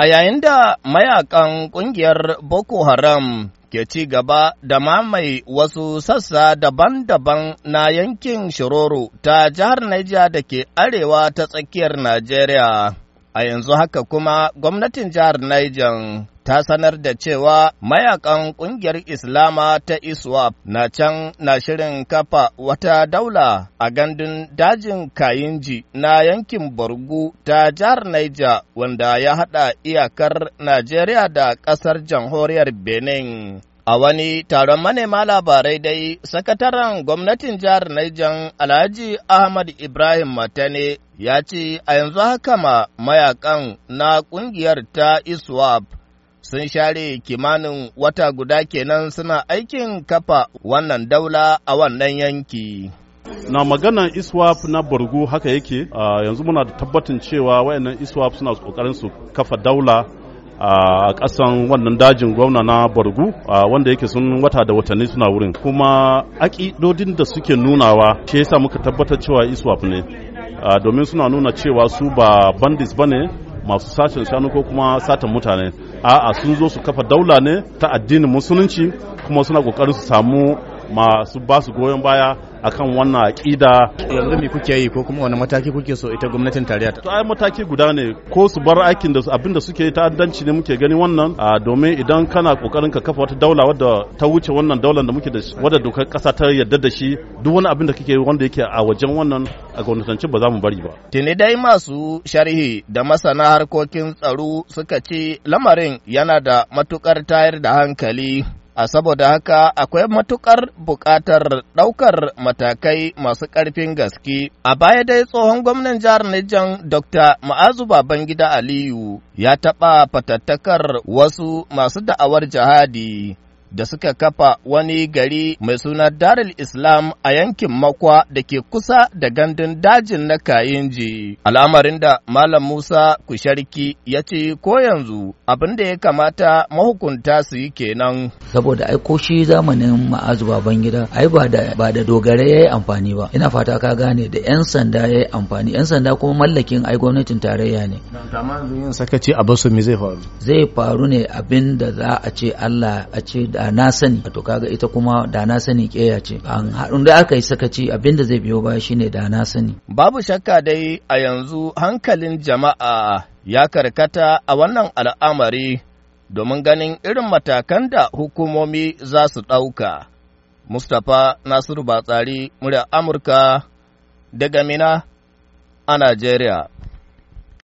A yayin da mayakan ƙungiyar Boko Haram ke ci gaba da mamaye wasu sassa daban-daban na yankin Shiroro ta jihar Niger da ke arewa ta tsakiyar Najeriya. A yanzu haka kuma gwamnatin jihar Niger ta sanar da cewa mayakan ƙungiyar Islama ta ISWAP na can na shirin kafa wata daula a gandun dajin Kayinji na yankin Borgu ta jihar Niger wanda ya haɗa iyakar Najeriya da ƙasar jamhuriyar Benin. A wani taron manema labarai dai, sakataren gwamnatin jihar nijan Alhaji Ahmad Ibrahim Matane ya ce a yanzu haka ma mayakan na ƙungiyar ta ISWAP sun share kimanin wata guda kenan suna aikin kafa wannan daula a wannan yanki. na maganan iswap na borgu haka yake yanzu muna da tabbatin cewa wayannan iswap suna kokarin su kafa daula a kasan wannan dajin gwamna na bargu wanda yake sun wata da watanni suna wurin kuma aƙidodin da suke nunawa shi yasa muka tabbatar cewa iswap ne domin suna nuna cewa su ba bandits ne masu sashen shanu ko kuma satan mutane a'a sun zo su kafa daula ne ta addinin musulunci kuma suna kokarin su samu masu ba su goyon baya akan wannan aƙida yanzu me kuke yi ko kuma wani mataki kuke so ita gwamnatin tarayya ta ai mataki guda ne ko su bar aikin da abin da suke ta'addanci ne muke gani wannan domin idan kana kokarin ka kafa wata daula wadda ta wuce wannan daular da muke da shi wadda dokar kasa ta yarda da shi duk wani abin da yi wanda yake a wajen wannan a gwamnatance ba za mu bari ba tini dai masu sharhi da masana harkokin tsaro suka ce lamarin yana da matukar tayar da hankali a saboda haka akwai matuƙar buƙatar ɗaukar matakai masu ƙarfin gaske. A baya dai tsohon gwamnan jihar Nijan Dr. Ma'azu Babangida Aliyu ya taɓa fatattakar wasu masu da'awar jihadi da suka kafa wani gari mai suna Darul Islam a yankin Makwa da ke kusa da gandun dajin na Kayinji. Al'amarin da Malam Musa Kusharki ya ce ko yanzu abin da ya kamata mahukunta su yi kenan. Saboda ai ko shi zamanin ma'azu baban gida ai ba da ba da dogare amfani ba. Ina fata ka gane da yan sanda yayi amfani. Yan sanda kuma mallakin ai gwamnatin tarayya ne. Amma yin sakaci a basu me zai faru? Zai faru ne abin da za a ce Allah a ce da da na sani to kaga ita kuma da na sani keya ce an haɗin da aka yi sakaci abinda zai biyo baya shine da na sani babu shakka dai a yanzu hankalin jama'a ya karkata a wannan al'amari domin ganin irin matakan da hukumomi za su ɗauka mustapha nasiru batsari murya amurka daga mina a najeriya